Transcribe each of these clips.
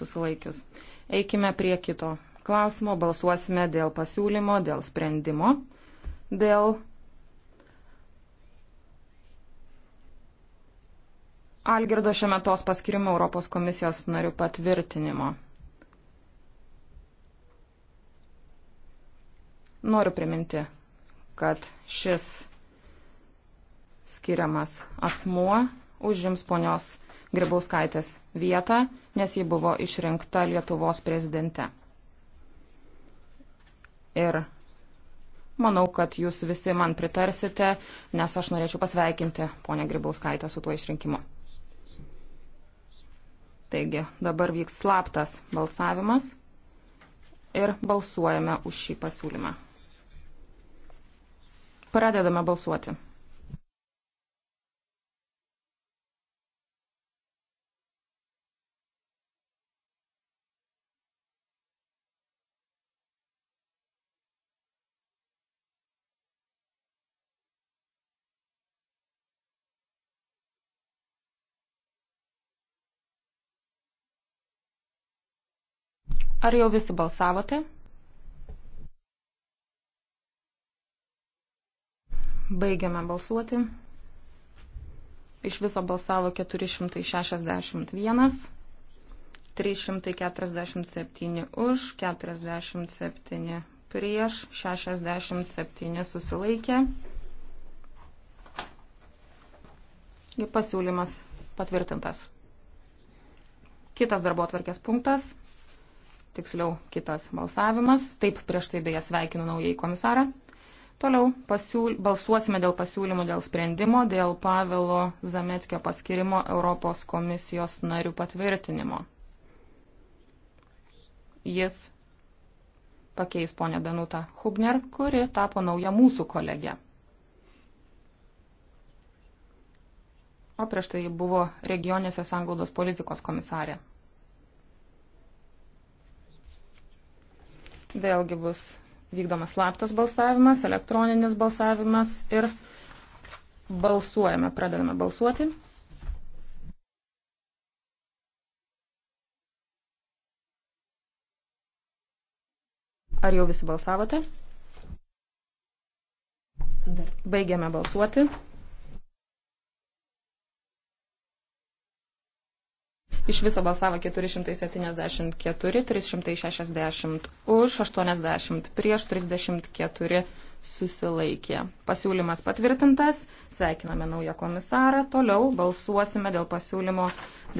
susilaikius. Eikime prie kito klausimo, balsuosime dėl pasiūlymo, dėl sprendimo, dėl Algirdo Šemetos paskirimo Europos komisijos narių patvirtinimo. Noriu priminti, kad šis skiriamas asmuo užims ponios Gribauskaitės vietą, nes ji buvo išrinkta Lietuvos prezidente. Ir manau, kad jūs visi man pritarsite, nes aš norėčiau pasveikinti ponę Gribauskaitę su tuo išrinkimu. Taigi dabar vyks slaptas balsavimas ir balsuojame už šį pasiūlymą. Pradedame balsuoti. Ar jau visi balsavote? Baigiame balsuoti. Iš viso balsavo 461, 347 už, 47 prieš, 67 susilaikė. Pasiūlymas patvirtintas. Kitas darbo atvarkės punktas tiksliau kitas balsavimas. Taip prieš tai beje sveikinu naujai komisarą. Toliau pasiūl... balsuosime dėl pasiūlymų dėl sprendimo dėl Pavilo Zametskio paskirimo Europos komisijos narių patvirtinimo. Jis pakeis ponę Danutą Hubner, kuri tapo nauja mūsų kolegė. O prieš tai buvo regionėse sanglaudos politikos komisarė. Vėlgi bus vykdomas slaptas balsavimas, elektroninis balsavimas ir balsuojame, pradedame balsuoti. Ar jau visi balsavote? Dar. Baigiame balsuoti. Iš viso balsavo 474, 360 už, 80 prieš, 34 susilaikė. Pasiūlymas patvirtintas, sveikiname naują komisarą, toliau balsuosime dėl pasiūlymo,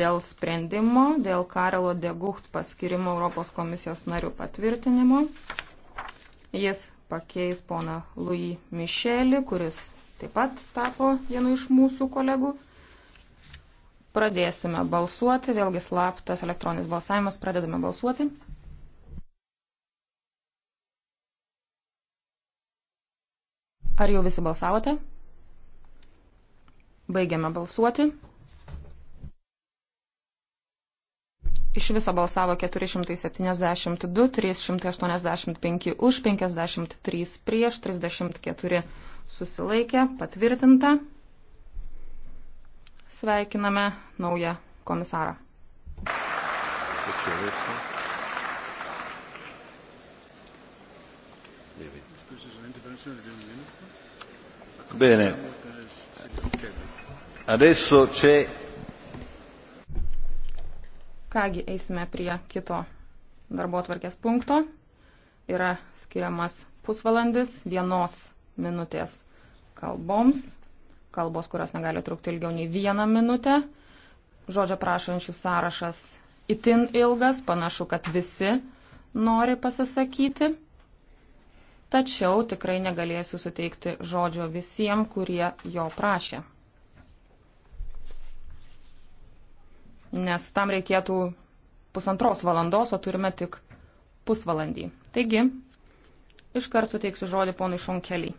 dėl sprendimo, dėl Karelo Degucht paskirimo Europos komisijos narių patvirtinimo. Jis pakeis poną Louis Michelį, kuris taip pat tapo vienu iš mūsų kolegų. Pradėsime balsuoti, vėlgi slaptas elektroninis balsavimas, pradedame balsuoti. Ar jau visi balsavote? Baigiame balsuoti. Iš viso balsavo 472, 385 už, 53 prieš, 34 susilaikė, patvirtinta. Sveikiname naują komisarą. Bene. Adesso c'è. Kągi eisime prie kito darbo atvarkės punkto. Yra skiriamas pusvalandis vienos minutės kalboms kalbos, kurios negali trukti ilgiau nei vieną minutę. Žodžio prašančių sąrašas itin ilgas, panašu, kad visi nori pasisakyti. Tačiau tikrai negalėsiu suteikti žodžio visiems, kurie jo prašė. Nes tam reikėtų pusantros valandos, o turime tik pusvalandį. Taigi, iškart suteiksiu žodį ponui Šonkelį.